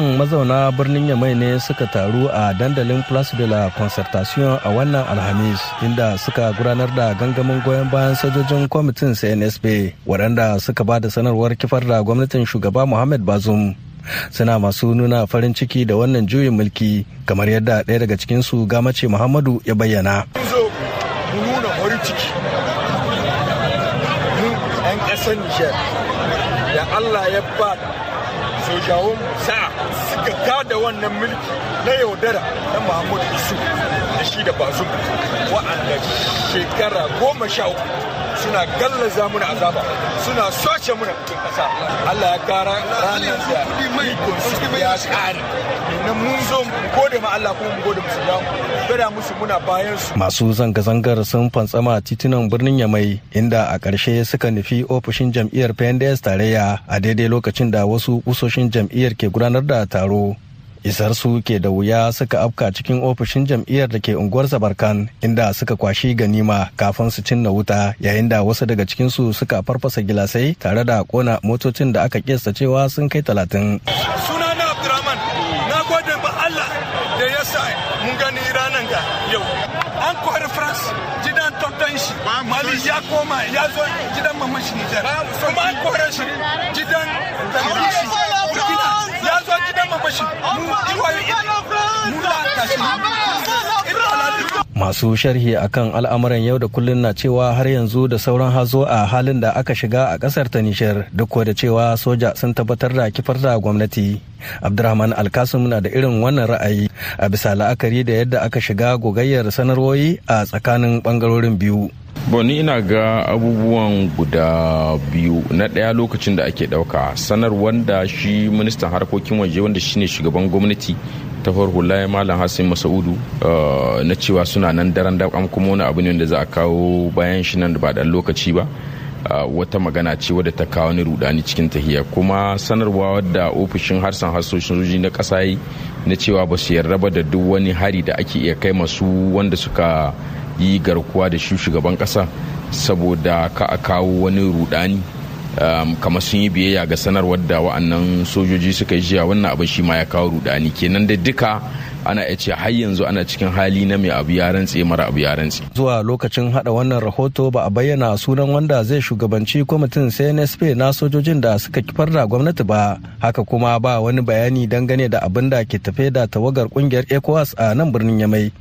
mazauna birnin yamai ne suka taru a dandalin place de la concertation a wannan alhamis inda suka gudanar da gangamin goyon bayan sojojin kwamitin cnsp waɗanda suka ba da sanarwar kifar da gwamnatin shugaba muhammad bazum suna masu nuna farin ciki da wannan juyin mulki kamar yadda ɗaya daga cikinsu gamace muhammadu ya bayyana da Allah ba sojawan sa suka kada wannan mulki na yaudara na mahmud yusuf shi da bazum wa'anda shekara goma sha uku suna gallaza muna azaba suna soce muna cikin ƙasa Allah ya kara ranar da ikon su ya kare nan mun zo mu gode ma Allah kuma mu gode musu ya gada musu muna bayan su masu zanga-zangar sun fantsama titunan birnin Yamai inda a ƙarshe suka nufi ofishin jam'iyyar Pendes tarayya a daidai lokacin da wasu kusoshin jam'iyyar ke gudanar da taro isar su ke da wuya suka afka cikin ofishin jam'iyyar da ke unguwar zabarkan inda suka kwashi ganima kafin su cinna wuta yayin da wasu daga cikinsu suka farfasa gilasai tare da kona motocin da aka kesa cewa sun kai talatin. suna ya ya koma ya zo gidan mamashi nijar kuma an kore shi Masu sharhi akan al'amuran yau da kullun na cewa har yanzu da sauran hazo a halin da aka shiga a kasar ta Nishar duk da cewa soja sun tabbatar da kifar da gwamnati. Abdurrahman Alkasum na da irin wannan ra'ayi a bisa la'akari da yadda aka shiga gogayyar sanarwoyi a tsakanin bangarorin biyu. boni ina ga abubuwan guda biyu na ɗaya lokacin da ake ɗauka sanar wanda shi ministan harkokin waje wanda shine shugaban gwamnati ta farhula ya malam hassan masaudu eh, na cewa suna nan daren da an kuma wani abu ne wanda za a kawo bayan shi nan da ba dan lokaci ba eh, wata magana ce wadda ta kawo ni rudani cikin tahiya kuma sanarwa wadda ofishin harsan harsoshin sojoji na kasa na cewa ba su yarda ba da duk wani hari da ake iya kai masu wanda suka yi garkuwa da shi shugaban kasa saboda ka a kawo wani rudani um, kama sun yi biyayya ga sanarwar da wa'annan sojoji suka yi jiya wannan abin shi ma ya kawo rudani kenan da duka ana iya ce har yanzu ana cikin hali na mai abu ya rantse mara abu ya rantse. zuwa lokacin hada wannan rahoto ba a bayyana sunan wanda zai shugabanci kwamitin cnsp na sojojin da suka kifar da gwamnati ba haka kuma ba wani bayani dangane da abin da ke tafe da tawagar kungiyar ecowas a nan birnin yamai